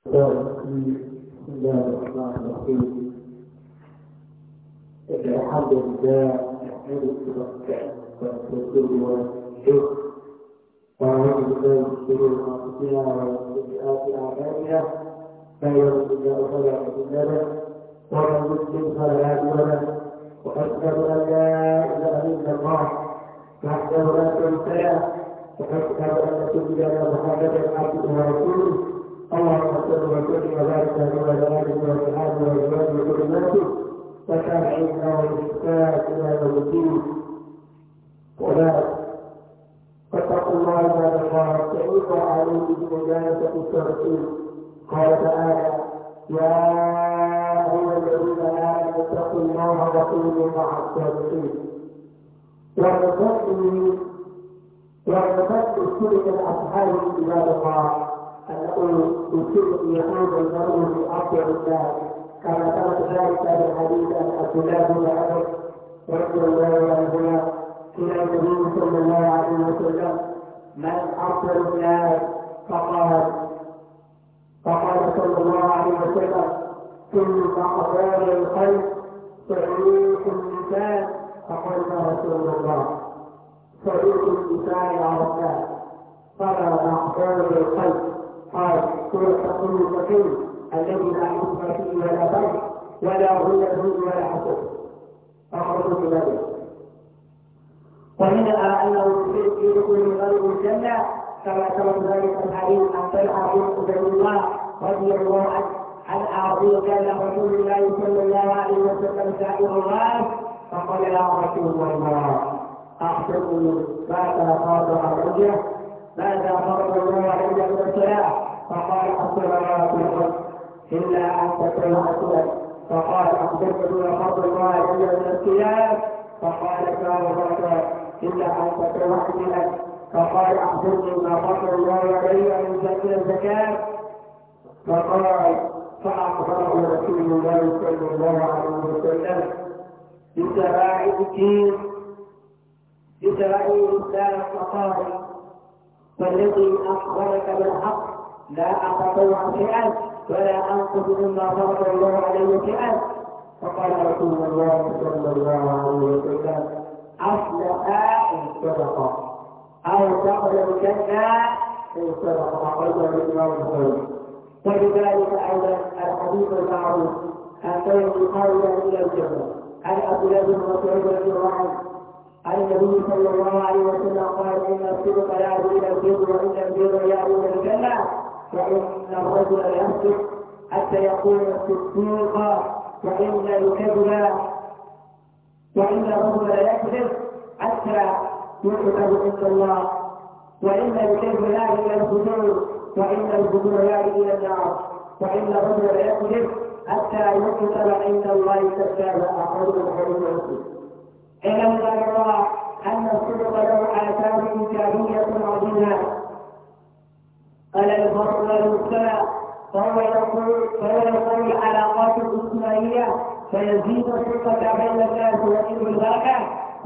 بسم الله الرحمن الرحيم الحمد لله نحمده ونستغفره ونستغفره ونعوذ بالله من شرور انفسنا ومن سيئات اعمالنا من يهده الله فلا مضل له ومن يضلل فلا هادي له واشهد ان لا اله الا الله وحده لا شريك له واشهد ان سيدنا محمدا عبده ورسوله اللهم صل وسلم وبارك على ولادك واصحابه وازواجه وذريته وكان عندنا والاحسان الى يوم الدين وبعد فاتقوا الله عباد الله تعيب عليه بمجالسه التوحيد قال تعالى يا ايها الذين امنوا اتقوا الله وكونوا مع الصادقين ومن فضله ومن سلك الشرك في عباد الله أنه يمكن يكون المرء في أرض الله كما ثبت حديث عبد الله بن عمر رضي الله عنهما قيل النبي صلى الله عليه وسلم من أفضل الناس فقال فقال صلى الله عليه وسلم ثم أقوال الخلق تعيش النساء فقال رسول الله تعيش الإنسان على الناس فلا أقوال الخلق قال سوره حكم المستقيم الذي لا حكم فيه ولا فرد ولا غلة ولا حسد أخرجه النبي ومنها أنه في دخول غير الجنة كما ترى ذلك الحديث عن طلحة بن عبد الله رضي الله عنه عن أعطيه كان رسول الله صلى الله عليه وسلم سائر الناس فقال يا رسول الله أحسن ما تقاطع الرجل ماذا فرض الله عند الصلاة فقال الصلوات الخمس إلا أن تكون أسود فقال أخبرتني فرض الله عند الصيام فقال كان فرضا إلا أن تكون أسود فقال أخبرني ما فرض الله علي من زكاة الزكاة فقال فأخبره رسول الله صلى الله عليه وسلم بسماع الدين بسماع الإسلام فقال فالذي أخبرك بالحق لا أتطوع شيئا ولا انقص مما فرض الله عليه شيئا فقال رسول الله صلى الله عليه وسلم اصل إن صدقه أو دخل الجنة إن صدق أخرجه الإمام مسلم ولذلك أيضا الحديث المعروف أن تجد قولا إلى الجنة عن عبد الله بن مسعود رضي الله عنه عن النبي صلى الله عليه وسلم قال ان الصدق لا الى البر وان البر لا يريد الجنه وان الرجل يصدق حتى يكون الصدوق وان الكذب وان الرجل لا يكذب حتى يكتب عند الله وان الكذب لا الى الفجور وان الفجور لا الى النار وان الرجل لا يكذب حتى يكتب عند الله كذاب اخرجه الحديث اعلم الله ان الصدق له اثار انسانيه عظيمه قال الفضل المصطلح فهو يقول فهو يقول العلاقات الاجتماعيه فيزيد الثقه بين الناس ويجب البركه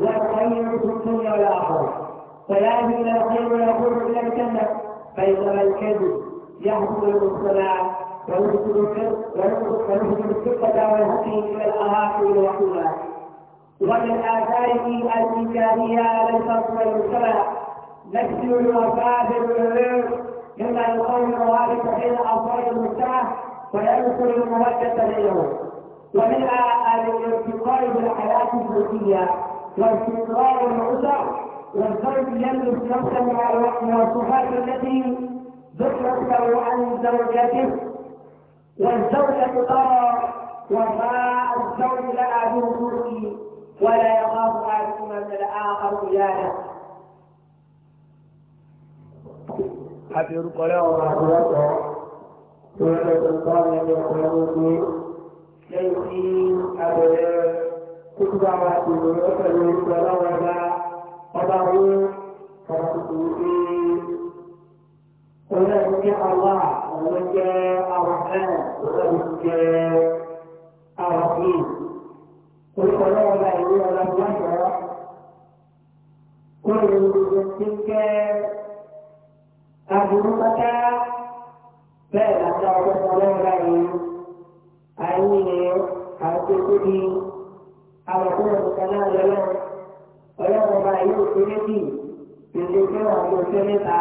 ويخير في الدنيا والاخره فيهدي الى الخير ويقول الى الجنه بينما الكذب يهدم المجتمع ويفسد الثقه ويهدي الى الاراء والوحيمات ومن آثاره الإنسانية ليس أفضل المجتمع نكسر المفاهيم العلوم مما يقوم روابط بين أفراد المجتمع وينقل المودة بينهم ومنها الارتقاء بالحياة الزوجية واستقرار الأسر والزوج يملك نفسه مع والصفات التي ذكرت له عن زوجته والزوجة ترى وما الزوج لها بوجوده ولا يخاف احدكم ان الاخر جاره حتى يرقى له وحدته سورة القرآن يقول شيخي أبدا تتبع وأتبع ولا ولا قضوا فرسولي قل جاء الله ومن جاء الرحمن ومن جاء الرحيم orúkọ lọ́wọ́ bá ìwé ọlọ́run lọ́jọ́ kó lè gbogbo tí ń kẹ́ aburú pátá bẹ́ẹ̀ láti ọgbọ́n ọlọ́run bá ìwé àìní rẹ̀ àti ètò di àwọn tó wọ̀ nìkan náà lọ́wọ́ ọlọ́run bá ìwé òkè méjì ìdè tí wọ́n kò tẹ́ níta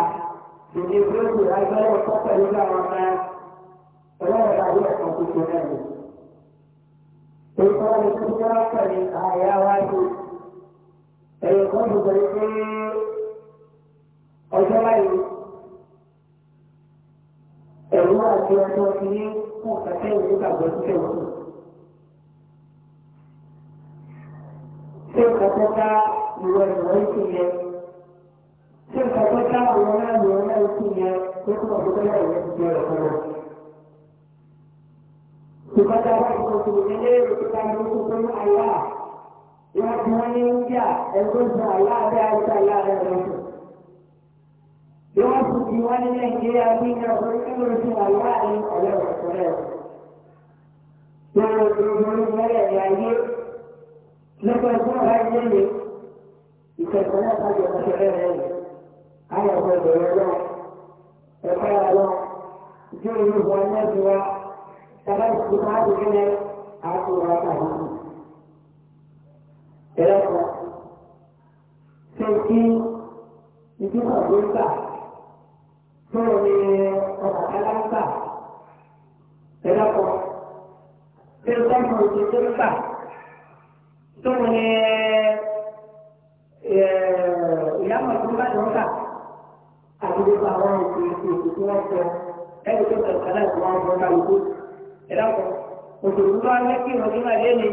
ìkọ́ni tó ti wá pẹ̀lú àyà wá sí ẹ̀yìn kan tó bẹ̀rẹ̀ pé ọjọ́ báyìí ẹ̀rú àti ọjọ́ ti ní fún kàtẹ́ ìlú gbàgbọ́ tó tẹ̀wọ́. Ṣé ìkàtọ́ ká ìwọ ìwọ ìtì yẹn? Ṣé ìkàtọ́ ká ìwọ náà ìwọ náà ìtì yẹn? Ṣé kí wọ́n tó bẹ̀rẹ̀ ìwọ ìtì yẹn lọ́kọ́ náà? kepada Rasul ini kita mendukung Allah. Ya Tuhan India, itu salah dan salah dan Rasul. Ya Tuhan yang dia bina berkata Allah ini oleh Rasul. Ya Tuhan mereka yang ini, lepas Tuhan ini, kita kena saja masyarakat ini. Ada berdoa, berdoa, berdoa, jauh banyak doa, tàbá ìsìn máa ń gbé àpò ọ̀rọ̀ àdúgbò. Ẹ̀rọ kan ṣe kí ìdíkọ̀ ló ń gbà tó o ní ọ̀rọ̀ aláǹgbà. Ẹ̀rọ kan ṣe kọ́kọ́ òjò tó ń gbà tó o ní ìyáwó tó ń bá lọ́ọ́ gbà àti gbogbo àwọn òṣèlú tó wọ́n sọ ẹ̀rọ tó ń sọ̀rọ̀ kálá ìwọ̀n ọ̀gbọ́n bá lóko ẹ̀dá kọ òtò tó bá lé kí ìrọ̀lẹ́ máa lé ní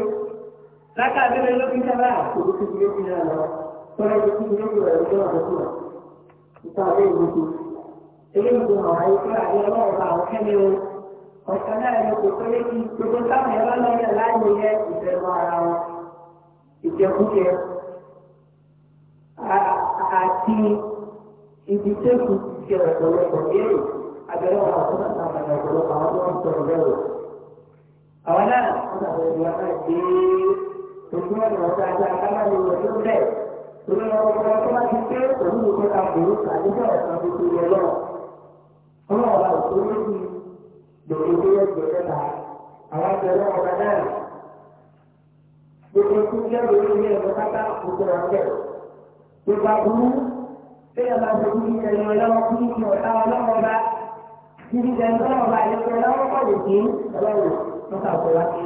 láká abẹ́rẹ́ ló fi ń sábà àkókò tó lé fi náà lọ tọ́lá tó fi lé fi rẹ̀ lọ́wọ́ tó lọ. Ìta àbẹ́ ìlú tó. Eléyìí tó hàn áyé pé àyè ọlọ́run bá àwọn kẹ́mi o. Ọ̀sán náà ló kò pé kí gbogbo táwọn ẹ̀rọ lọ́yẹ̀ láàyè yẹ ìfẹ̀mọ ara wọn. Ìjẹkújẹ àti ìdíjẹ́kù ti ọ̀pọ̀lọpọ̀ yẹ̀rù àbẹ̀rẹ̀ wọn àti ọ̀pọ̀lọpọ̀ àwọn tó ń sọ̀rọ̀ bẹ́ẹ̀ àwọn náà wọn náà fẹẹ wọn náà dé ojú wọn lọ sí ajá kámá lè wọ tó bẹ́ẹ̀ torí wọn kọ́kọ́ tó bá ti pé òun ló kọ́ ta bòrò àdéhùn ọ̀sán tó ti yẹ lọ ọlọ́wọ́ bá òkú lójú lòdì tó yẹ gbẹ̀rẹ̀ bá àwọn abẹ́rẹ́ ọba náà gbogbo tó yẹ lórí ilé ẹ̀rọ pátá gbogbo rẹ̀ bẹ̀rẹ̀ gbogbo àbúrú bẹ́ẹ̀ máa fojú ìṣẹ̀lẹ̀ ọlọ́wọ́ fún ìṣẹ̀lẹ̀ ọlọ́wọ́ bá ìṣẹ̀lẹ̀ ọlọ́wọ́ bá ìṣẹ̀lẹ̀ ọlọ́wọ́ wọ́n kà fún wa kí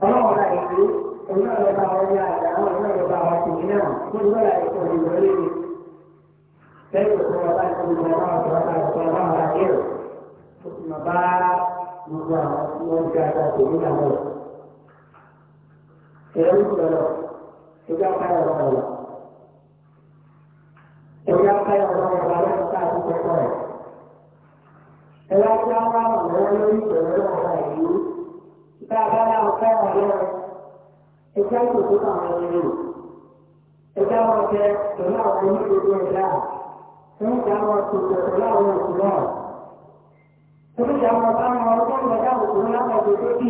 ọlọ́run náà èyí òun náà lọ bá wọn ní àgbà àwọn òun náà lọ bá wọn náà fún ìlú ọ̀la ètò ìlú orí mi. bẹ́ẹ̀ ló fún ọba ìlú ìlú ọba ọ̀sán ọba ọ̀sán ọba ọ̀la kí o. ó sì máa bá gbogbo àwọn tí wọ́n ń gbé àgbà tèmi náà lọ. ẹ̀rọ ń ẹ̀rọ tí wọ́n wá wà lọ́wọ́ lórí ìbẹ̀rẹ̀ ọ̀rọ̀ ìlú tá a bá ọ̀rẹ́ ẹ̀jẹ̀ ìkòkò àwọn ẹ̀rọ ẹ̀jẹ̀ wọn jẹ pẹ̀lú àwọn onígbèdè ẹ̀dá oníjà wọn tó jẹ pẹ̀lú àwọn òkú náà oníjà wọn bá wọn ọgbọ́n ìgbàdá òkú náà wọ́n tó kí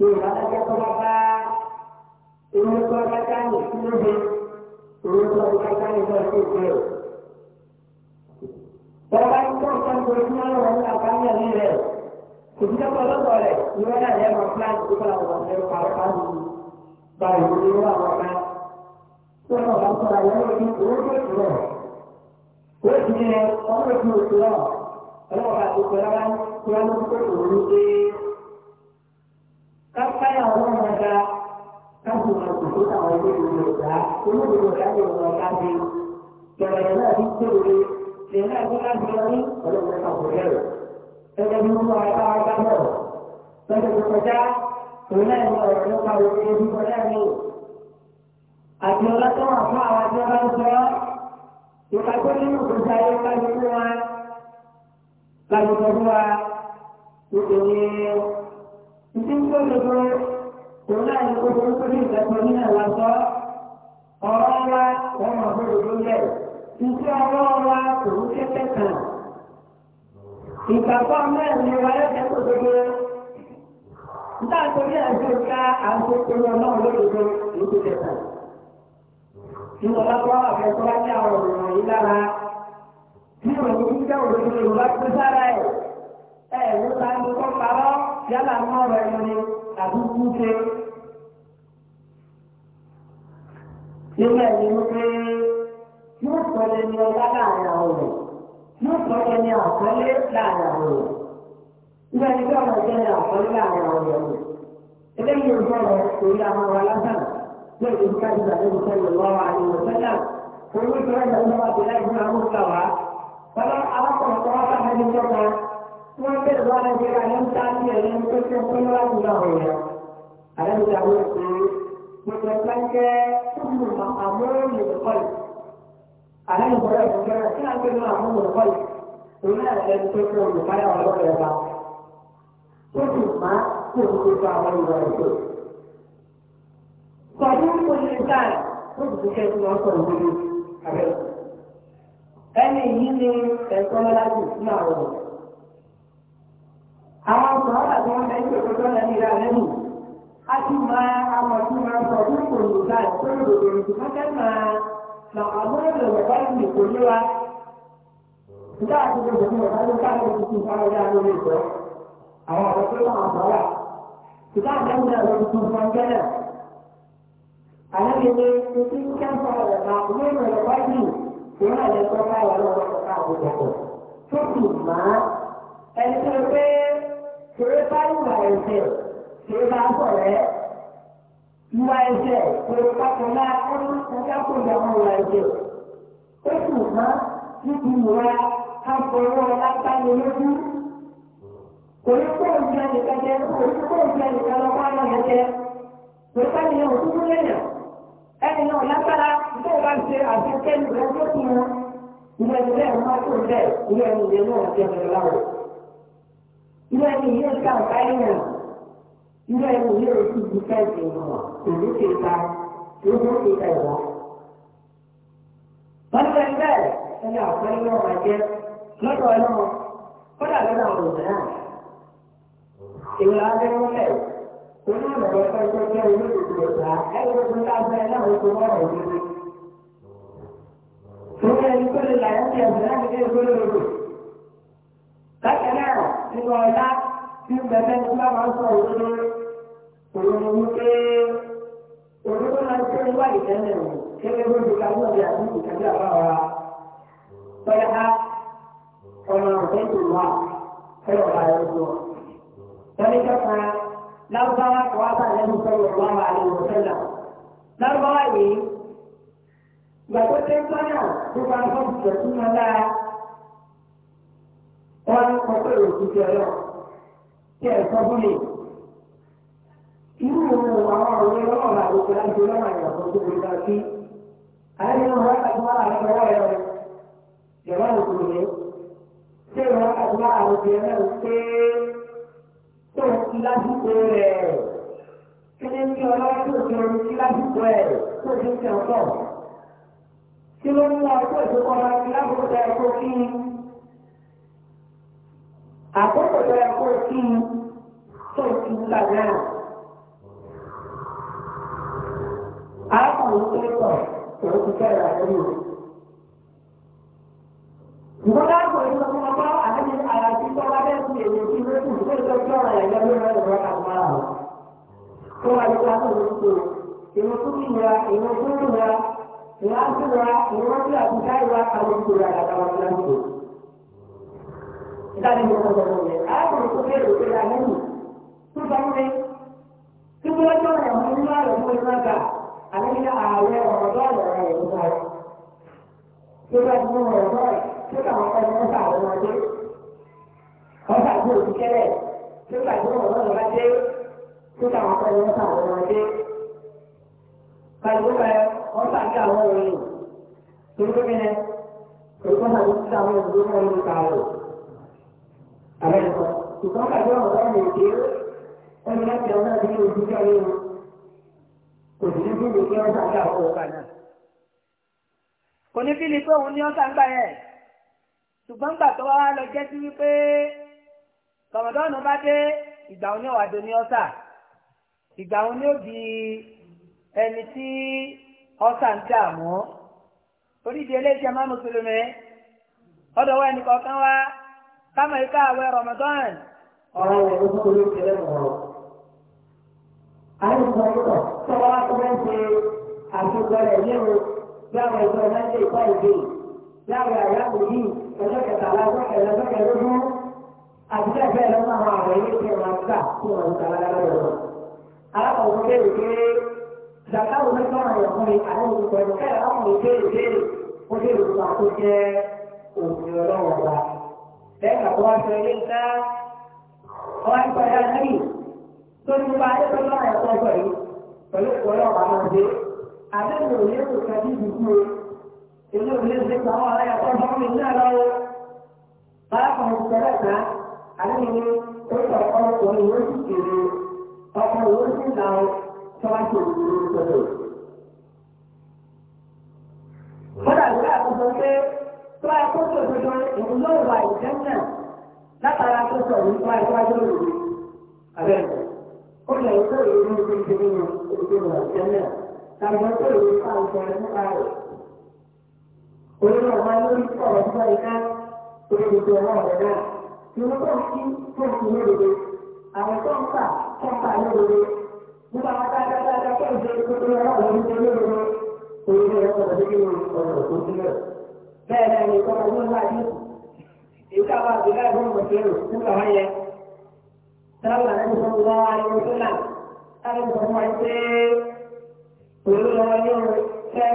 yorùbá lẹ́jẹ́ tó bá bá ẹni gba ìwé wà wọ́pá tó náà bá sọ̀rọ̀ àwọn ọmọdé owó tó ti rọ̀ ó ti yẹ ọmọ ìlú òkè rọ̀ ọlọ́wọ́ bá ti pẹ̀lú ara tí wọ́n mú tó kò ní pé káfáyà ọmọ ọ̀gá káfí máa kò tó àwọn ilé ìwé ọ̀gá olóògbé ọ̀gá lè wọ ọ̀gá bí bẹ̀rẹ̀ náà ní tèrè lẹ́yìn náà tó láti lọ ní ọlọ́wọ́ bá kò bẹ̀rẹ̀ ẹgbẹ́ bí wọ́n mú ọ̀gá ọ̀gá náà lọ́jọ́ tó kọjá òun náà ní ọ̀rọ̀ nípa òun ojúbọ náà ní àti ọlá tó wà fún àwọn tí wọ́n bá ń sọ ìka tó nínú ìgbésí ayé kájú fún wa kájú sọ fún wa nítorí ìdí tó lòdò òun náà ní ojú tó ní ìgbàgbọ́ nínú ìwà sọ ọ̀rọ̀ wa wọ́n mọ̀ fún òdodo lẹ̀ ìṣe ọ̀rọ̀ wa kò ní kẹ́kẹ́ kan ìgbàgbọ́ mẹ́rin ni wọ́n yẹ kẹ́kọ̀ọ́ nígbà tó ní ká àjọ ìpinnu ọlọ́run lódodo lójú tẹ̀sán. Nínú àfẹ́sọ́ wá àwọn ọ̀rọ̀ yìí lára. Nínú ọ̀rọ̀ yìí jẹ́ òdodo Yorùbá tó sára ẹ̀. Ẹ ló ta ní kọ́ parọ́ yálà ń mọ̀rọ̀ ẹnu ni àbí kú ṣe. Nínú ẹ̀yìn ló pé yóò sọ ẹni ọlá láàrin àwọn ọ̀rọ̀. Yóò sọ ẹni àkọlé láàrin àwọn ọ̀rọ̀. ذلك هو جل وعلا على اليمين تبين ذلك الى ما ولا سنه يجب كذب النبي صلى الله عليه وسلم ويقول هذا المراد لا يجمع مستوى فلو اردت ان اتوقع هذه الجمله وانت ظاهر بها لم تاتي لم تكن كل الله الم تعود متوكلك كل مقامون للقلب ألم تعود كما كان كل مقامون للقلب ولا لم تكن مقامون للقلب tó sì má kó o ṣe fa àwọn ìwà ẹ̀jẹ̀. Pàdé ń kọjú táì tó sì ti kẹ́kọ̀ọ́ lọ sọ̀rọ̀ lórí àbẹ̀. Ẹni yìí ni ẹ̀kọ́ lọ́lá jù sí àwọn ọ̀rọ̀. Àwọn ọ̀sán àti wọn bẹ́ẹ̀ tó tọ́jọ́ lẹ́nu ìlà lẹ́nu. A ti máa àwọn tí máa sọ fún kòlù táì tó lò lórí ìfúnpẹ́ máa nà àwọn ọ̀rọ̀ ìwọ̀n ní ìkòlú wa. Ìgbà àti ìgbà ìgbà ìgbà ìgbà ìgbà ìgbà ìgbà àwọn àkókò náà àbáwà ìgbà àgbẹ̀mí náà ló ń tún fún ọjọ́ náà àlẹ́gbẹ̀ẹ́ ní ti ń kẹ́ sọ ọ̀rọ̀ náà ilé ìrọ̀lẹ́ wájú tó bá máa ẹni tó pé ìwà ẹ̀sẹ̀ kéré bá sọ̀rẹ́ ìwà ẹ̀sẹ̀ ìwà ẹ̀sẹ̀ ó sì kò kó ń jẹ nìkan jẹ kò kó ń jẹ nìkan lọ wá lọ́yẹ̀ jẹ pẹ̀lú ẹni náà òkú lẹ́yìn ẹni náà lágbára tó o bá ṣe àfikẹ́ ìwé tó kù wọn ìwé ẹni bẹ́ẹ̀ máa tó bẹ́ẹ̀ ìwé ẹni ìwé náà jẹ bẹ̀rẹ̀ láwọ̀ ìwé ẹni ìwé ìka ọ̀gá ẹ̀yàn ìwé ẹni ìwé òkú ìdí fẹ́ẹ̀sì ìwọ̀n ìlú kẹta ìlú kẹta ìwà. wọ́n fẹ́ bẹ́ẹ̀ ẹni àpẹẹrẹ náà ìwé abẹ́rẹ́lẹ̀ tó ní àgbẹ̀ pẹ́ẹ́pẹ́ jẹ́ olóòtú ìgbà ẹ̀rọ tó lábẹ́ náà ó tó wọ́n rọ̀ lórí. Fún ẹni tó lè là ń tẹ̀sí láti dé ìgbó lóòtú. Bákan náà, nínú ọ̀la tí bẹ̀rẹ̀ ní bá máa ń sọ òdodo, òun ni wípé òdodo máa ń tẹ́ wá ìtẹ́lẹ̀ rẹ̀ kéré bó ti ka lóde àti ìtẹ́jú àbáwá. Pẹ́ẹ́ká tọ́lítọ́ kan lárúbáwá kọ́ wá bá lẹ́nu sọ̀rọ̀ lọ́wọ́ àlejò sẹ́lá lárúbáwá yìí ìgbà tó dé gbọ́nà tó bá ń fọ́n jẹ̀ wọn lára wọn ń kọ́ pé òṣìṣẹ́ ọ̀yọ́ tí ẹ̀ sọ fún mi. irú òun àwọn òwe lọ́wọ́ bá gbogbo láti lọ́wọ́ àyàn tó tó gbogbo àti àyẹ̀wò wọn láti wá àwọn ọwọ́ ẹ̀rọ ìjọba òkùnrin ṣé ìwọ́n láti wá àwọn òkùnrin náà pé tó o ti tó ti rọrùn sí ìwọ̀n tó ti mú tó rẹ̀ ọ̀rọ̀ ọ̀rọ̀ bá dé tó kàwọn ọ̀rọ̀ tó bá àwọn pẹ̀lú pẹ̀ wọ́n pàṣẹ àwọn òyìn tó ń gbé ní orúkọ náà wọ́n ti àwọn òyìnbó náà ní ìka rò. Àbẹ̀ ẹ̀kọ́ ṣùgbọ́n pàṣẹ àwọn ọ̀dọ́ ní èdè ẹni láti ọ̀nà àti ní ojú kẹ́ nínú kò sí ní kí ni kí wọ́n pàṣẹ àwọn òkà náà. Kò ní kí ni pé òun ní ọ̀sà ń gbà yẹn. Ṣùgbọ́n gbà tó wá lọ jẹ́ sí wípé tọ̀mọ̀dọ́nù bá dé ìgbà òun ní ọ̀wà ẹni tí ọ̀sà ń tà mọ́ oríṣi eléyìí máa mùsùlùmí ọ̀dọ̀ wa ẹnì kọ̀ọ̀kan wa kámọ̀ ìka àwẹ̀ Ramadan. ọ̀rọ̀ rẹ̀ ló kúrò lóṣù ẹlẹ́mọ̀ọ́. àwọn ìgbà yìí lọ tọ́wọ́ wá fún ẹ̀ṣẹ̀ àṣegbọ́ rẹ̀ léwu láwọn ìgbà ìlànà ìgbà ìgbè láwọn àyàwó yìí ọjọ́ kẹtàlá ọjọ́ kẹlẹ́ ọjọ́ kẹlẹ́dún àti bẹ́ẹ̀ bẹ́ẹ̀ lọ́wọ́ àwọn àwẹ̀ ilé Zàtà wo mẹ́fà ọkùnrin àwọn olùkọ́ ẹ̀rọ kẹ́rẹ̀ láwọn ìbéèrè béèrè ó lè rògbò àtó jẹ́ òfin ọlọ́wọ́ ọba. Bẹ́ẹ̀ kàtó wá sọ ilé ńlá ọwọ́ nípa ẹ̀rọ náírì tó ní bá ayé tó ẹ̀kọ́ ọ̀gbọ̀n yìí pẹ̀lú ìkọ́ ọlọ́wọ́ àwọn ọdẹ. Àbẹ́wò ilé kò kẹ́ ní ó sọ ọkọ̀ òun ló sì kéré ọkọ̀ òun sì tọ́wájú òṣèlú sọ̀rọ̀. Kódà ìwé àkọsọ pé tó bá kó tó dodo òun yóò wà ìjẹ́nà látara tó sọ òun tó bá Àbẹ̀ ó lè kó ìlú ní ìdílé ní ìdílé wà ìjẹ́nà tàbí kó ìlú fà ń nípa rẹ̀. Olórí ọ̀gá lórí sọ̀rọ̀ sọ ìka olódodo ọmọ rẹ̀ náà. Ìwé tó tó ń kí lódodo, àwọn tó ń fà tó ń fà lódodo nígbà wọn dáadáa dáadáa tó ń ṣe tuntun náà wọn ń ṣe lóore torí ilé ẹ̀kọ́ tó dé ọ̀rọ̀ tó sílẹ̀ bẹ́ẹ̀ náà ni ìtọ́jú ló ń láyé ìka wa àti láì fún mọ̀tẹ́rù nígbà wọn yẹ sábà náà ní sọ́kùn wọn wáyé wọn sílà sábà ní sọ́kùn wọn pé òun lọ ní ọ̀rọ̀ fẹ́ẹ́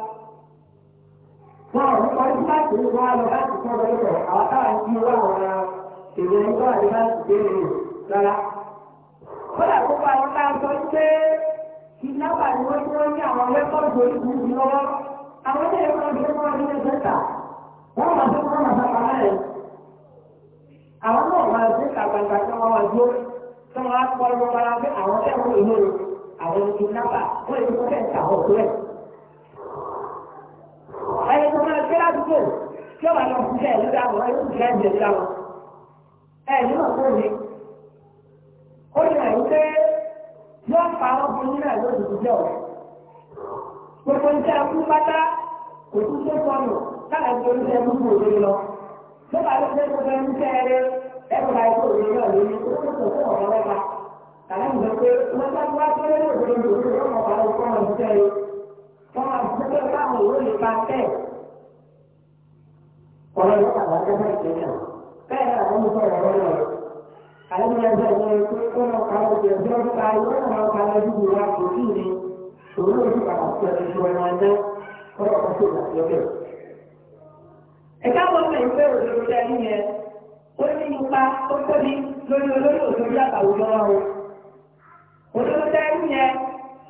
náà wọ́n kọ́ ní láti ní wọ́n á lọ láti kọ́ lọ lọ́wọ́ àwọn táwọn ti wá àwọn ará èdè ẹgbẹ́ àti láti béèrè rárá. kódà gbogbo àwọn tá a sọ pé ìnáwó ni wọ́n ti wọ́n ní àwọn rẹ́kọ́ọ̀dù oríṣiríṣi lọ́wọ́ àwọn ilé ẹ̀kọ́ ìgbé wọn ní ẹgbẹ́ ta wọ́n máa tó wọ́n máa sàpà rẹ̀. àwọn náà máa ṣe kàgbàgbà tí wọ́n máa dúró tí wọ́n á kọ́ lọ́wọ́ ara pé àwọn ẹ̀kọ́ ìlú àwọn ẹni tó máa fẹ́ ládùúgbò tí ó wà lọ sí ẹ̀ lórí àwọn ẹni tó jẹ́ ìjẹ́ àwọn ẹ̀ nínú ọ̀pọ̀ òní. ó ní àyè pé yóò pa àwọn ọkùnrin náà lóṣù tó jẹ́ ọ̀rẹ́. gbogbo iṣẹ́ pátá kò tún tó sọnù láti fi oríṣẹ́ ẹkú kú òní lọ. bá láì kó náà lórí tó tó ìgbà wọn máa fún pé káwọn òwe lè pa bẹ́ẹ̀. ọ̀rọ̀ yóò padà jẹ́ bẹ́ẹ̀ kí ni bẹ́ẹ̀ náà wọ́n sọ ọ̀rọ̀ rẹ̀ àlejò ẹgbẹ́ ìwé pé kó lọ ka ọjọ́ ẹgbẹ́ ọdún ká ìwé náà lọ ka lọ́dún ìwé àpò sí ni òun ló ti padà sí ọdún ìwé náà jẹ́ ọ̀rọ̀ kan tó gbà lọ́bẹ̀. ẹ̀ka wọn fẹ́ ìwé òdodo dání yẹn ó ní ipa tó tóbi lórí olórí òdodo àtàwùjọ wọn. òdodo dání yẹn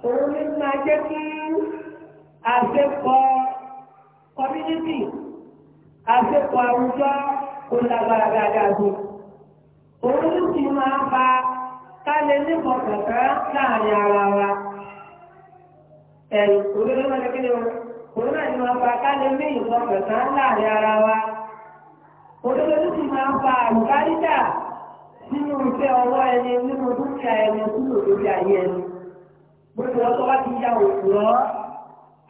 òun ní máa jẹ́ kí àṣepọ̀ community àṣepọ̀ àwùjọ kò lágbára dáadáa bí. Òun fa kálẹ̀ nípa kọ̀ọ̀kan láàrin ara wa. Ẹ̀rù kékeré o. Òun náà ni máa fa kálẹ̀ ní kọ̀ọ̀kan láàrin ara wa. Òdodo ló sì fa àlùkáríkà nínú ìfẹ́ ọwọ́ ẹni nínú dúkìá ẹni kúrò lórí ayé ẹni. Gbogbo ọtọ́ ti ya òkú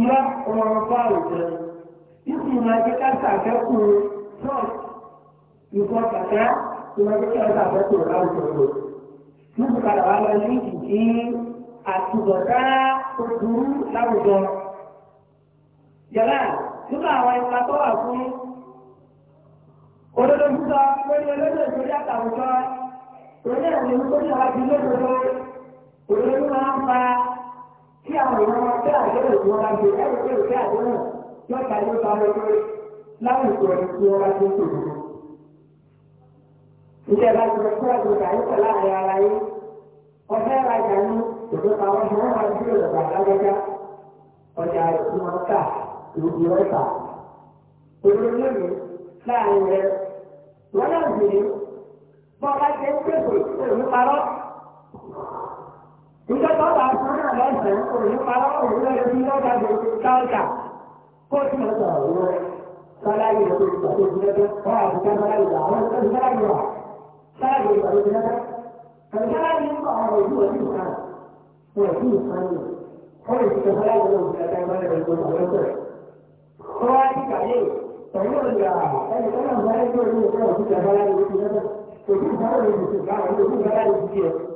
ìyá ọmọ ọba òjò ìsì ìrìnàjò káṣà kẹ́kọ̀ọ́ ṣọ́ọ̀ṣì ìfọ̀ kàkà ìrìnàjò káṣà kẹ́kọ̀ọ́ láwùjọ rẹ̀. Níbi padà wá lọ ní ìdí àtúbọ̀tá ojú láwùjọ. Yàrá nínú àwọn ipa tó wà fún òdodo sísọ lórí olóṣèlú ìtòrí àtàwùjọ òdodo ìrìnàjò tó ti wá di lódodo òdodo máa ń fa tí àwọn èèyàn wọn fẹ́ tí wọ́n bá gbé ẹ̀rọ pé òfẹ́ àjẹwò yóò ta yóò ta lọ pé láwùjọ ẹni tí wọ́n bá gbé tòun. Ìjẹ́ bá ti lọ sí ọ̀dọ̀ ìgbà yóò ara yín. Ọ̀fẹ́ ra ìjà ní òjò ta wọn wọ́n máa gbé ọ̀dọ̀ àdájọ́já. Ọjà rẹ̀ tí wọ́n kà lóbi ọ̀tà. Olóyèmí láàrin rẹ̀ wọ́n náà gbé bọ́ọ̀lá 有些老板商量完成，我们把那个那个最高价钱交一下。过去的时候，我大家也是，就是说，不好意思，大家有，我们说你先来吧，先来就等于说，他先来领导，我比我先我先参与，他也是他那个就是说，他那个就是说，我先做，后等于说，而且他那个就是就是说，我先干，他那个就是说，我先做，我先干，就就是互相来一起。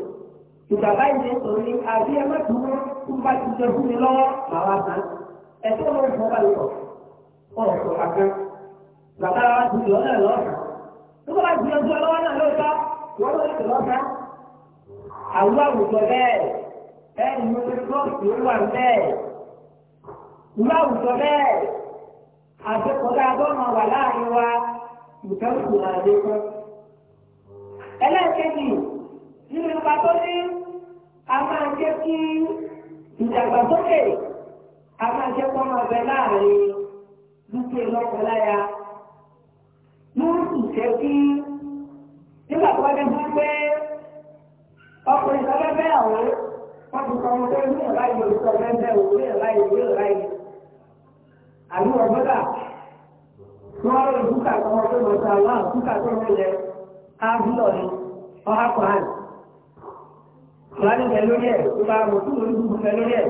ìgbàgbá ìdè tó ní àbí ẹ má dúró tó bá ti jẹ fún mi lọ́wọ́ màá wá ẹ̀tọ́ ló ń fọ́ bá lọ ọ̀rọ̀ tó bá gbé bàbá wa ti lọ náà lọ́sàn tó bá ti yanjú ọlọ́wọ́ náà lóòótọ́ wọ́n ló ti lọ́sàn. àwọn àwùjọ bẹ́ẹ̀ bẹ́ẹ̀ ni mo ti lọ́ọ̀sì ó wà bẹ́ẹ̀ ìlú àwùjọ bẹ́ẹ̀ àjọkọ̀dá agbọ́nà wà láàrin wa ìfẹ́ òkú àdékọ́. ẹlẹ́ẹ̀kejì nínú ipa tó ní a máa jẹ́ kí ìdàgbàsókè a máa jẹ́ kó máa bẹ láàrin dúkìá lọ́kọ̀láyà lóòtù jẹ́ kí nígbà tó wájú fún pé ọkùnrin kan fẹ́ bẹ́ẹ̀ àwọn wọ́n ti sọ ọmọ pé ní ìyàrá yìí ló sọ bẹ́ẹ̀ bẹ́ẹ̀ òun ní ìyàrá yìí ní ìyàrá àbí wọ́n gbọ́dà wọ́n lọ ìdúkà tó wọ́n pé mọ̀tò àwọn àdúkà tó wọ́n lẹ ábúlọ̀ ni ọ̀hákùnrin kùránì bẹ lórí ẹ̀ tó bá wò tó lórí gbogbo bẹ lórí ẹ̀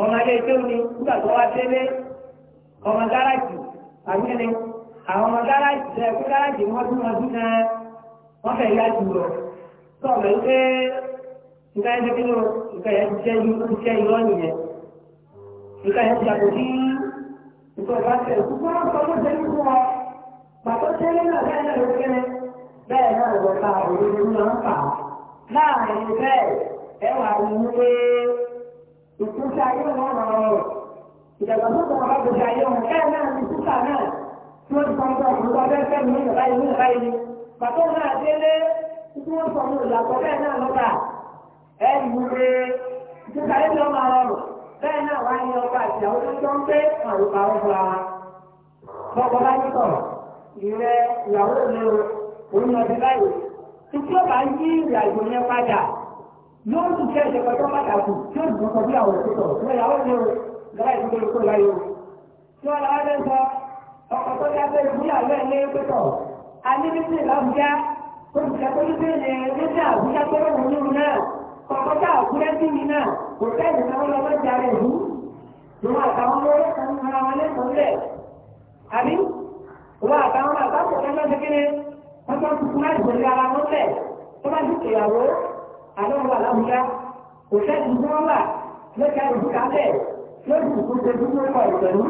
ọmọ ilé iṣẹ́ òní nígbà tó wá délé ọmọ gáràjì àgbẹ̀ni àwọn ọmọ gáràjì rẹ̀ pé gáràjì wọ́n tún wọn dún náà wọ́n fẹ̀ yá jù lọ tó ọ̀bẹ wípé nǹkan ẹni kí ló nǹkan yẹn ti jẹ́ iṣẹ́ irọ́ nìyẹn nǹkan yẹn ti yàtọ̀ sí nǹkan ọba tẹ̀ ṣùgbọ́n wọ́n sọ lóṣèlú fún ọ pàtó tẹ́lẹ̀ náà bẹ́ẹ̀ náà ló kéré bẹ́ẹ̀ náà lọ́ta òun ló ń fà á láàrin bẹ́ẹ̀ ẹ wà ní pé ìtúnṣe ayé wọn rọ̀ ọ́ ìdàgbàsókè wọn bá gbèsè ayé wọn ẹ náà ní sísà náà tí wọ́n ti sọ nípa òṣùwọ́n bẹ́ẹ̀ fẹ́ mi nígbà yìí nígbà yìí pàtó náà délé tí wọ́n sọ ní ìlàkọ̀ bẹ́ẹ̀ náà lọ́ta ẹ ní pé ìtúnṣe ayé wọn máa rọrùn bẹ́ẹ̀ náà wá ní ọkọ̀ àti àwọn tó ń tọ́ ń pé àwọn wọn fúnra wa bọ́kọ bá ní sọ̀rọ̀ ìrẹ ìyàwó mi títí ọba yí ìrìn àjò yẹn padà yóò tún kẹ́ ẹ̀ṣẹ̀ pẹ̀lú pàtàkì tí ó dùn sọ bí àwọn òṣèlú ọ̀ṣun ìyàwó ni o lọ́wọ́ ìdílé ikú láyé o. tí wọ́n lọ́wọ́ lè sọ ọkọ̀ tó yá pé ìgbéyàwó ẹ̀ lé pẹ́tọ̀ alíbísí làbújá olùkọ́ tó ní bẹ́ẹ̀ lè lẹ́sẹ̀ àbújá tó lọ́wọ́ nínú náà kọ̀ọ̀kọ́tà àbújá sí mi náà kò tẹ́lẹ̀ wọ́n bá kúkú láti pẹ̀lú ara wọn bẹ̀ tó bá ti kèyàwó àlọ́ wà láwùjá kò sẹ́ni tí wọ́n wà lọ́jà ìdúkà bẹ̀ lórí kùkú tó dúró lọ́kọ̀ ìpẹ̀lú.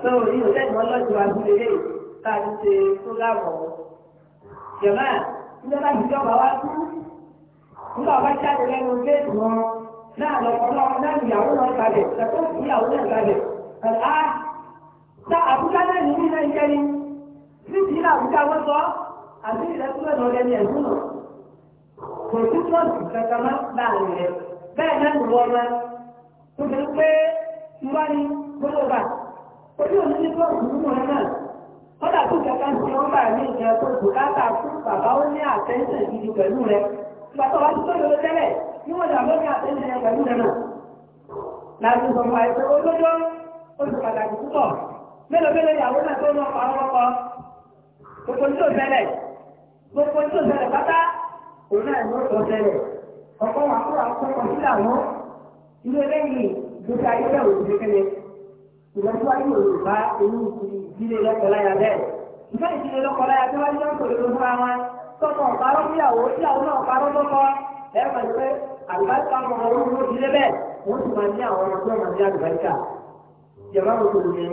sọ èyí ò sẹ́ni lọ́jọ́ abúlé lè ká ti ṣe fúláwọ̀ jẹ̀má nígbà bá ti jọba wá kú nígbà bá jáde lẹ́nu ilé ìwọ̀n náà lọ́kọ̀ọ́ náà ìyàwó náà kalẹ̀ ṣàkóso níbi ilé àbújá wọn sọ àbí ìrẹsílẹ̀ náà lẹ́ni ẹ̀sùn náà kò sí tọ́ọ̀sì kankan má láàrin rẹ̀ bẹ́ẹ̀ náà lù wọ́n rẹ̀ tó fi pé ìwá ni gbogbo bá ojú òní ní tọ́ọ̀sì nínú rẹ̀ náà wọ́n dàbí kankan sí wọn bá ní ìjẹun tó kù káàkà fún bàbá ó ní àtẹ́sẹ̀ gidi pẹ̀lú rẹ̀ ìgbà tó wá ti tó yọ tẹ́lẹ̀ ní wọ́n dàbí ní àtẹ́sẹ̀ pẹ̀lú rẹ̀ náà láti sọ̀rọ̀ àìsàn olójó olùpàdàkì púpọ̀ mélòó mélòó ìyàwó náà tó lọ pa ọlọ́pàá gbogbo tí ó ṣẹlẹ̀ gbogbo tí ó ṣẹlẹ̀ pátá òun náà ló tó ṣẹlẹ̀ ọ̀pọ̀ wà kó àwọn kọ́kọ́ sí àwọn ilé lẹ́yìn gbogbo ayé bẹ́ẹ̀ òun ti kéde ìgbà tí wáyé òun bá inú ìdílé lọ́kọ̀láyà bẹ́ẹ̀ ìgbà ìdílé lọ́kọ̀láyà tí wáyé lọ́kọ̀ lè lọ́kọ̀ àwọn tọkọ̀ ọ̀parọ́ síyàwó síyàwó náà parọ́ lọ́kọ̀ ẹ̀rọ ìpè àlùbáríkà ọmọ ọlọ́run ló ti lé bẹ́ẹ̀ wọ́n sì máa ní àwọn ọmọ tó máa ní àlùbáríkà ìjọba òṣèlú yẹn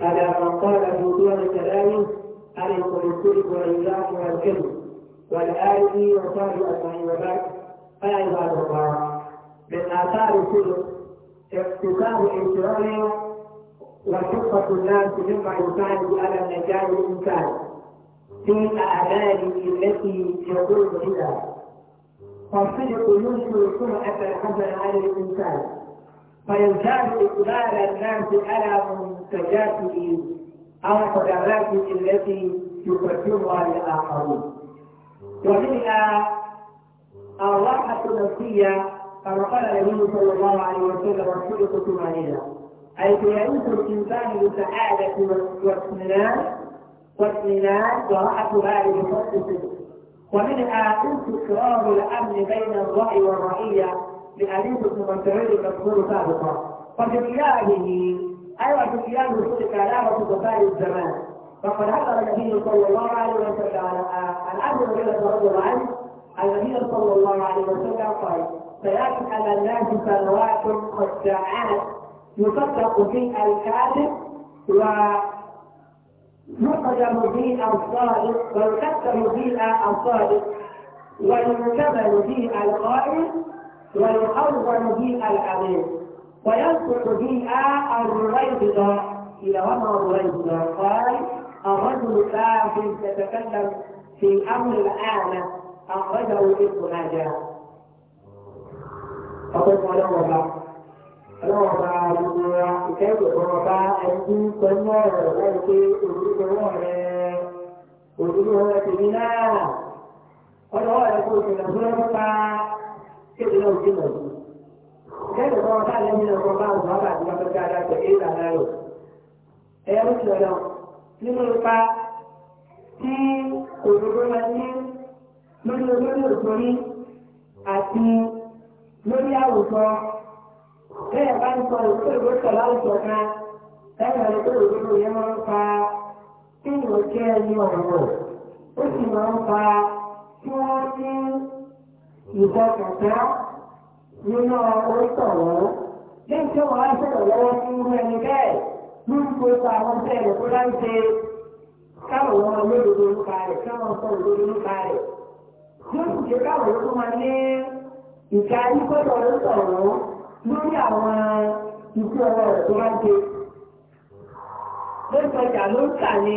على من طلب دون كلامه عليكم بالصدق والإله والكذب والآله وصحبه أجمعين وبعد فيا عباد الله من آثار الصدق اقتسام الإنسان وشقة الناس مما يساعد على النجاة الإنسان في الأعمال التي يقوم بها والصدق ينشر السمعة الحسنة على الإنسان فيزداد إقبال الناس على منتجاته أو قدراته التي يقدمها للآخرين ومنها الراحة النفسية كما قال النبي صلى الله عليه وسلم والخلق الطمأنينة حيث يعيش الإنسان بسعادة واطمئنان واطمئنان وراحة بال وصدقه ومنها استقرار الأمن بين الرأي والرعية بأليف المنتهي المذكور سابقا فبقيامه أيوة بقيام رسول كلامة بطال الزمان فقد حذر النبي صلى الله عليه وسلم عن أبي هريرة رضي الله عنه النبي صلى الله عليه وسلم قال سيأتي على الناس سنوات خداعات يصدق فيها الكاذب ويقدم فيها الصادق ويكثر فيها الصادق ويكمل فيها القائل والأرض به الأمين وينفق بها الرويضة إلى وما الرويضة قال الرجل كافر يتكلم في أمر الآن أخرجه ابن ماجه فقلت له ولو كان يمكنك ان تكون مسلما ولو كان يمكنك ان تكون kéde náà ti mọ̀ sí. Lẹ́yìn kan ọ̀tá lẹ́yìn náà kan báwọn bàbá àti bàbá bí ara pẹ̀lú ìlà náà rò. Ẹ̀yà ló ti lọ́dọ̀ nínú ipa tí òdodo máa ní lórí olórí òṣòrí àti lórí àwùjọ. Bẹ́ẹ̀ bá ń sọ ìpè ìgbésẹ̀ láwùjọ kan, ẹ̀yà ló pé òdodo yẹn máa ń fa kí ìwọ̀n jẹ́ ẹni ọ̀rọ̀. Ó sì máa ń fa kí wọ́n ní ìdákàtà nínú orítọ̀wọ́ lẹ́yìn tí wọ́n á sọ̀rọ̀ lọ́wọ́ sí irú ẹni bẹ́ẹ̀ lórúkọ ipa àwọn bẹ́ẹ̀ lè kó láń káwọn ọmọ olódodo nípa rẹ̀ káwọn ọmọ olódodo nípa rẹ̀ yóò sì ṣe káwọn olódodo máa ní ìka ìgbọ́dọ̀ orítọ̀wọ́ lórí àwọn iṣẹ́ ọwọ́ rẹ̀ tó bá ń ṣe. lóṣù ló ń tà ní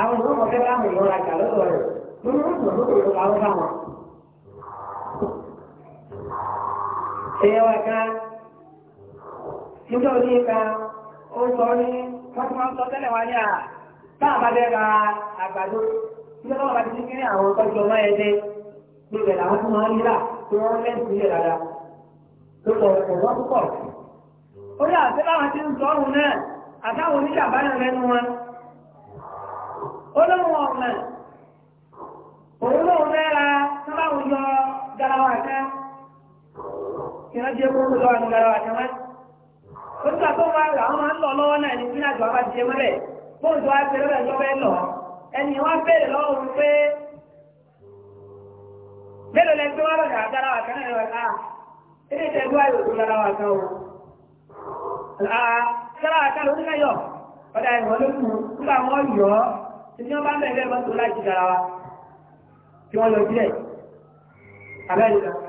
àwọn ìlú ọmọ fẹ́ káwọn ìlú ọjà lọ́dọ̀ rẹ̀ lórí oṣù tó lọ ẹ̀yẹ́wàká nígbà orí ẹ̀ka ó sọ ní sọ tẹ́lẹ̀ wá àwọn ọmọ tí ń sọ ọ̀hún náà àtàwọn lẹ́nu wọn. ọ̀nà òun yọ ìrántí epo kò lọ́wọ́ àgbàrá wa kan wá. ó ti sàkó wa àwọn máa ń lọ lọ́wọ́ náà ní sínú àjọ àbá ti ṣe mọ́lẹ̀ fóònù tó wá ṣe lọ́wọ́ ẹ̀jọ́ fẹ́ lọ. ẹnì wá béèrè lọ́wọ́ wọn pé mélòó lẹ gbé wá lọ́jà àgbàrá wa kan náà rẹ̀ ah ilé ìtẹ́gbé wa yóò tó lára wa kan o. àgbàrá wa kan lórí náà yọ ọ̀dà ìwọ̀n ló kù nígbà wọn yọ ọ́ ìdí wọn bá bẹ̀rẹ̀ bẹ́ẹ̀ mọ́tò láti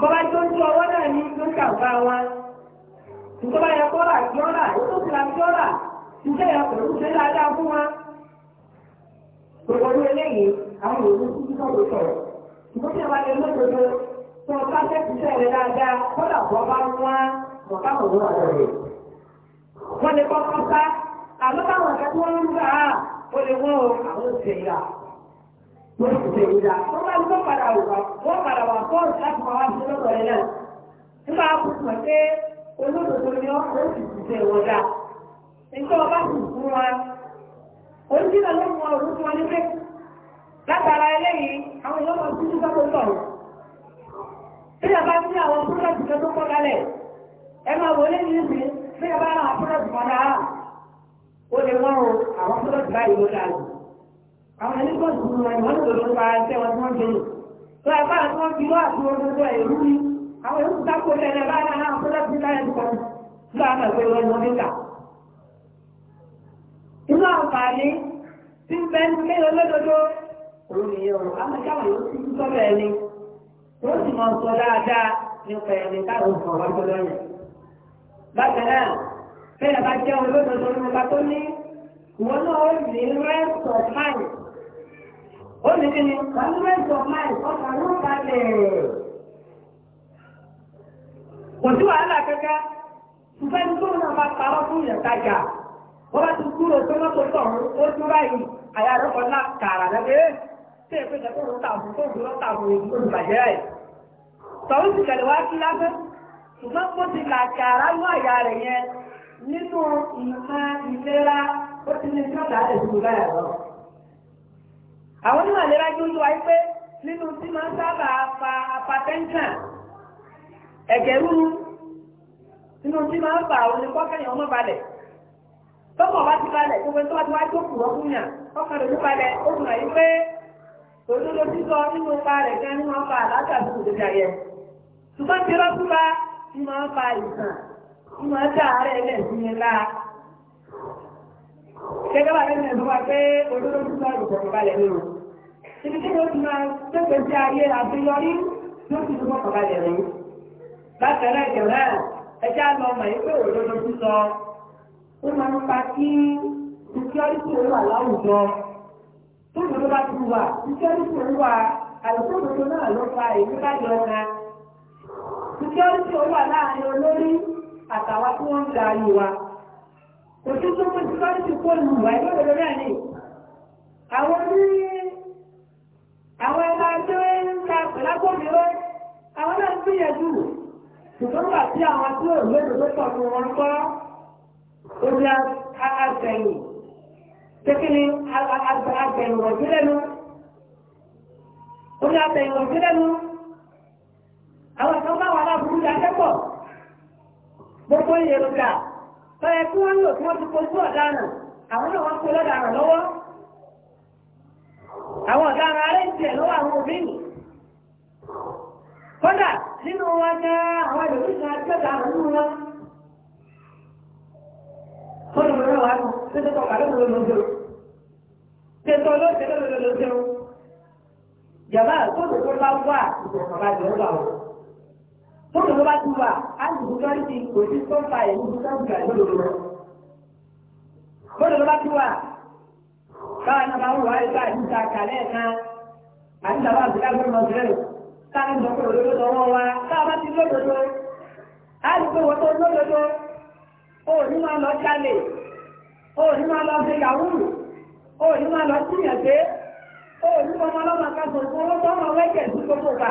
bọ́bá tó ń ju ọwọ́ náà ní tó ń kàwá wọn ìjọba yẹ kọ́ra ìjọ́ra ètò ìlà ìjọ́ra ìjọ yẹ kọ̀ ló ṣe dáadáa fún wa. Òwòrán eléyìí àwọn òwò títí tó lè sọ̀rọ̀. Ìjọba yẹ wá lè lódodo tó o bá fẹ́ ṣiṣẹ́ rẹ dáadáa kọ́dà bọ́ bá ń wá ọ̀ká òwò ọ̀rọ̀ rẹ̀. Wọ́n lè kọ́kọ́ sá àmọ́ táwọn ọ̀gá tí wọ́n ń gbà á ó lè wọ́n àwọn òṣèlú ti pé olódodo ni ọ́ ó sì ti ṣe ìwọ̀dà nígbà ọba sì fún wa oníṣẹ́ ló mọ ọdún tí wọ́n ní látara eléyìí àwọn ìlọ́mọ tí ó sábò tọ̀ bí a bá ní àwọn púrọ̀jù tó kọ́ kalẹ̀ ẹ máa wọlé ní ìsìn bí a bá ra àwọn púrọ̀jù mọ́ra ó lè wọ́n o àwọn púrọ̀jù báyìí ló dáa àwọn ẹni tó dùn wọn ìwọ́n lòdò ló pa ẹsẹ̀ wọn tí wọ́n gbé lò tó ẹ bá àwọn fi lọ́ àti gbogbo ẹ̀rú ni àwọn yóò dá kó lẹ́lẹ́ báyìí náà kó lẹ́sí láyé tó kọ́ láàmà ìwé ìwé ìwé níta. inú àǹfààní tí ń bẹ ní olódodo òun nìyẹn o àwọn ìjáwé yóò ti sọ bẹ́ẹ̀ ni yóò sì máa sọ dáadáa nípa ẹni káwọn sọ wájú lọ́yẹ̀. bákan náà bẹ́ẹ̀ bá jẹ́ olódodo nípa tó ní ìwọ náà ó ní rest of mind ó ní kí ni wọ́n rest of mind ọkàn ló balẹ̀ kò sí wàhálà kankan ṣùgbọ́n ní tóun náà máa parọ́ fún ìyàtajà wọ́n bá ti kúrò tó mọ́tò tọ̀hún ó dúró yìí àyà rẹ̀ kọ́ náà kàrà lẹ́gbẹ̀ẹ́ tí èpè jẹ́ kó ń ta àbùkù tó ń dúró ta àbùkù èyí olùbàjẹ́ rẹ̀ tọ̀hún ti kẹ̀lẹ̀ wá sí lábẹ́ ṣùgbọ́n kó ti là kàrà lọ àyà rẹ̀ yẹn nínú ìmọ̀ ìlera ó ti ní sọ́ọ̀dà ẹ̀sùn láyà lọ. àwọn onímọ̀ ìlera yóò yọ wáyé pé nínú tí máa ń sábà fa apatẹ́ńtàn ẹ̀gẹ́ rúru nínú tí máa ń bà àwọn oníkọ́kẹ́yìn ọmọ balẹ̀ tọ́kọ̀ bá ti balẹ̀ tó wẹ́ tó wá ti wá jókòó ọkùnrin yàn ọkàn rẹ̀ ló balẹ̀ ó dùn àyè pé òdodo sísọ nínú ipa rẹ̀ gan ni wọ́n fa àlàáfíà tó kò débi ayẹ ṣùgbọ́n tí wọ́n tún bá ti máa ń fa ìsàn tí máa ń dá àárẹ̀ lẹ̀ sí yẹn láà gẹ́gẹ́ bá lẹ́nu ẹ̀dọ́ wa pé òdodo sísọ ìgbọ̀n balẹ̀ nínú ibi tí wọ́n ti máa tẹ́gbẹ̀ẹ́ sí ayé àbíyọrí ló ti dúró kọ̀ọ̀balẹ̀ rẹ̀ yìí. bákan náà jẹ̀ náà ẹjẹ́ àlọ́ ọmọ yìí pé òdodo sísọ ó máa ń pa kí ìkíọ́rìsì òun wà láwùjọ tó bá ti wà òun wà àlùkò fa èyí òun wà láàrin olórí àtàwọn tí wọ́n ń ga ayò wa kó lù wá ni àwọn àwọn ẹgbẹ́ ń ta àwọn Ìjọba tí àwọn tí ò lóde tó pọ̀ fún wọn kọ́, ó di agbẹ̀yìn. Tẹ́kínní agbẹ̀yìn wọ̀jú lẹ́nu. Ó di agbẹ̀yìn wọ̀jú lẹ́nu. Àwọn kan bá wà láburú dá kẹ́kọ̀ọ́. Gbogbo ìyèròjà tọ́yẹ kí wọ́n lò kí wọ́n ti kojú ọ̀daràn. Àwọn náà wọ́n kó lọ́daràn lọ́wọ́. Àwọn ọ̀daràn arẹ́ ìjẹ̀ lọ́wọ́ àwọn òbí nínú wa ká àwọn ìlòmíṣà gbẹ́ta nínú wa. Fọ́nà mọ̀ náà wà kàn, tẹ́tọ́ tọ̀ kàlẹ́ mọ̀ lọ́dọ̀ lọ́dọ̀. Tẹ́tọ́ ló tẹ́tọ́ lọ́dọ̀ lọ́dọ̀. Jàmbá fóònù tó bá wà ìjọba bá jẹ́ wà o. Fóònù tó bá ti wà, á sì fún ti kò sí tó fa ìlú tó sáà gbà lọ́dọ̀ lọ. Fóònù tó bá ti wà, báwa náà bá wù káàkiri lọ́pọ̀ lọ́dọ̀ lọ́wọ́ wa káàbá ti tó máa lọ jalè máa lọ yàwúrù máa lọ akásọ̀ tó wẹ́kẹ̀ sí gbogbo gbà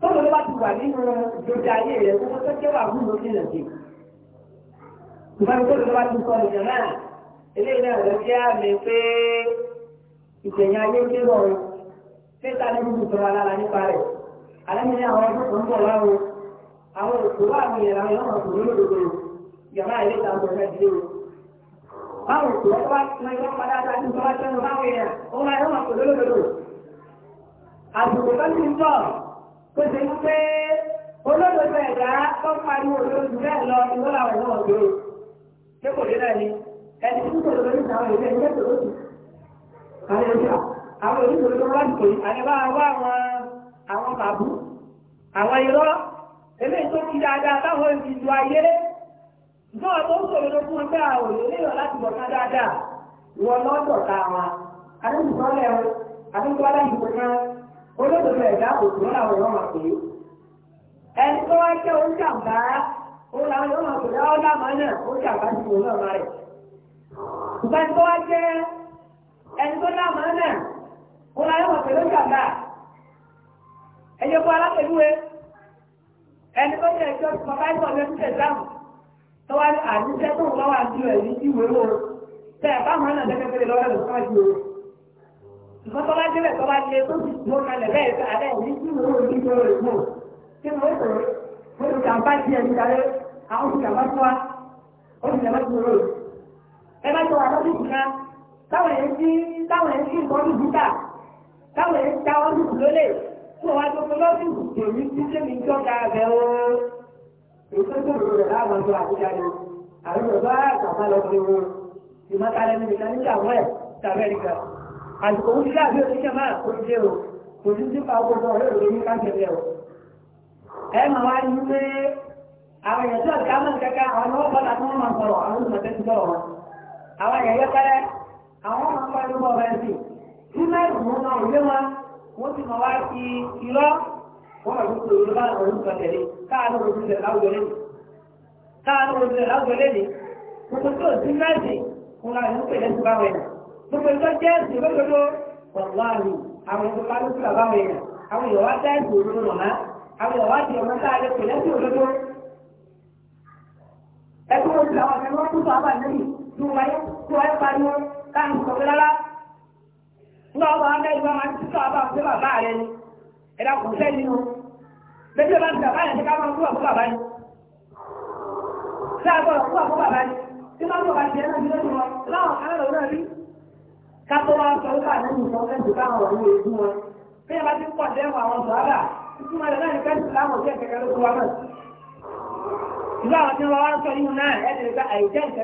tó lọ́wọ́ bá ti wà nínú ìjọba ayé rẹ̀ fún tó jẹ́ wà fún lókè náà lọ́wọ́ bá ti sọ eléyìí náà àmì títa ní gbogbo sọ̀rọ̀ alára nípa rẹ̀ alẹ́mi ní àwọn ọdún tó ń bọ̀ láwo àwọn òṣòwò àwọn ìyẹ̀rọ àwọn ọmọ òṣòwò lódodo yàrá ilé ìta ọjọ́ fẹ́ di léwu. báwo òṣòwò tó bá wọn ìwọ́n padà dá ní ìjọba sẹ́nu báwo yẹn ó máa yọ ọmọ òṣòwò lódodo. àsìkò tó ti ń bọ̀ tó ti ń pé olódodo ẹ̀dá tó pariwo olódodo bẹ́ẹ̀ lọ ìwọ́n làwọn ìwọ́n òṣòwò ṣé kò àwọn oníṣòro tó wá dùkọ̀ àyẹ̀bá àwọn bàbú àwọn irọ́ eléyìí tó ti dáadáa táwọn èsì ayé náà tó sọ̀rọ̀ ọgbẹ́ láti bọ̀ dáadáa wọn lọ́dọ̀ ta wa adébùsọ́lẹ̀ o adébùsọ́lẹ̀ kan olódodo àpèjúwe ẹni tó jẹ́ ìjọ pọ̀fáìsọ̀ lórí ìṣẹ̀dáhùn tó wá ní àníṣẹ́ tó wọ́n wà ní ẹ̀rí ìwé o tẹ́ ẹ̀ báwọn náà lẹ́gbẹ̀ẹ́ lọ́wọ́ lọ́wọ́ lọ́wọ́ ju o. ṣùgbọ́n tó bá débẹ̀ tó bá lé tó sì tó kalẹ̀ bẹ́ẹ̀ tó alẹ́ ìrí ìwé o ní ìwé o ìgbò kí ni ó sọ ó ti jàmbá sí ẹni dalẹ́ àwọn ti jàmbá tó wa ó ti jàmbá sí ìwé o. ẹ bá tó wà lọ́dún ìgbà táwọn èyí táwọn èyí ń kọ́ tó wá tó lọ́sìn èmi tí sẹ́mi jọ́ka abẹ́ o ìtọ́jú rẹ̀ láwọn ọjọ́ àbújá ni àwọn ọ̀dọ́ àgbàmọ́ lọ sí wọn ìmọ̀tàlẹ́ ní ìlànà nígbà wọ́n ẹ̀ tàbí ẹ̀ríkà àsìkò òun ti láàbí oníṣẹ́ máa kó ti o kò sí sí pàápọ̀ fún ọ̀rẹ́ òde ní káńtẹ̀lẹ̀ o. ẹ máa wá ní pé àwọn èèyàn tí wọ́n ti sọ̀rọ̀ wọn wọ́n ti mọ̀ wá sí irọ́ wọ́n mọ̀ lóko lóko bá àwọn olùkọ́ tẹ̀lé káàánú ojú rẹ̀ láwùjọ lẹ́nu káàánú ojú rẹ̀ láwùjọ lẹ́nu gbogbo tó ti mẹ́sì fún wa ìlú pèlè sí báwọn ẹ̀yà gbogbo tó jẹ́ sí lójoojó wàláhì àwọn ètò kálú sí bàbá wọn àwọn èèyàn wá dá ẹ̀sìn òdodo mọ̀mọ́ àwọn èèyàn wá di ọmọ káàlẹ́ pèlè sí òdodo ẹkún wọn kú sọ àbá ndị wọn bá mẹ́rin wọn máa ti sọ àbá ndị bàbá rẹ ni ẹ̀dá kò fẹ́ nínú bébí ẹ bá ti bàbá rẹ anyị ká máa fún àbúrò bàbá ni sáà gbọ́dọ̀ fún àbúrò bàbá ni wá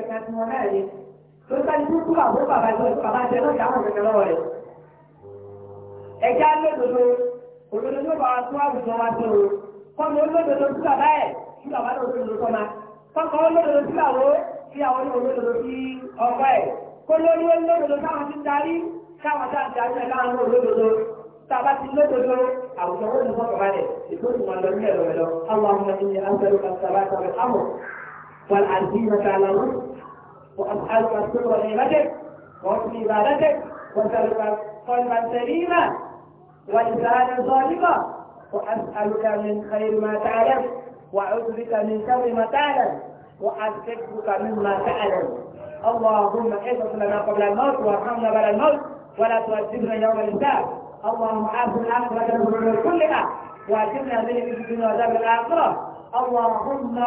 náà tí náà ẹja lódodo òdodo tó bá wa tó àwùjọ wa tó o kọ́mi olódodo sí bàbá ẹ̀ sí bàbá náà olódodo kọ́ ma kọ́kọ́ olódodo sí àwọ sí àwọn ní olódodo sí ọgbà ẹ̀ kó lórí olódodo táwọn ti darí káwọn tá a ti darí ẹ̀ káwọn olódodo tába ti lódodo àwùjọ wọn ni wọn kọ̀ balẹ̀ ètò ìwọ̀n lọ nílẹ̀ lọ́wọ́ lọ àwọn ọmọ ẹni ni asẹ́rù kan sábà sọ̀rọ̀ àmọ̀ wọn àti ìrìnàkà àlàó wọn àti àlùkò àti قلبا سليما ولسانا صادقا وأسألك من خير ما تعلم وأعوذ بك من شر ما تعلم وأستكفك مما تعلم اللهم احفظ لنا قبل الموت وارحمنا بعد الموت ولا تؤذبنا يوم الحساب اللهم عافنا عافية الأمور كلها واجبنا به في الدنيا وعذاب الآخرة اللهم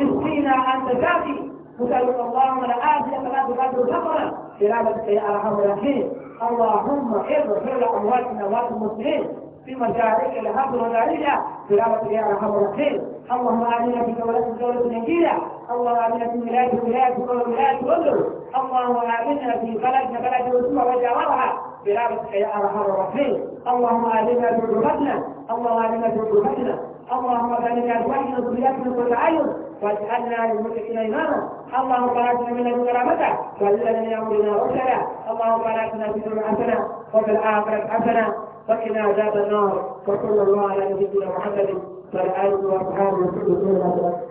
اسقينا أنت كافي وقالوا اللهم لا آتي فلا تقدر كفرا إرادة يا أرحم الراحمين اللهم اغفر لأمواتنا والمسلمين في مشارق الهب والغالية إرادة يا أرحم الراحمين اللهم آمنا في دولة دولة نجيلة اللهم آمنا في ولاية ولاية ولاية أردن اللهم آمنا في بلدنا بلد وسوى وجوارها برحمتك يا ارحم الراحمين اللهم آمنا في قلوبنا اللهم آمنا في قلوبنا اللهم ذلك الوحي وزيادة والتعايش واجعلنا للمتقين اماما اللهم بارك لنا من كرامته والذين امرنا رشدا اللهم بارك لنا في الدنيا حسنه وفي الاخره حسنه وقنا عذاب النار وصلى الله على نبينا محمد وعلى اله وصحبه وسلم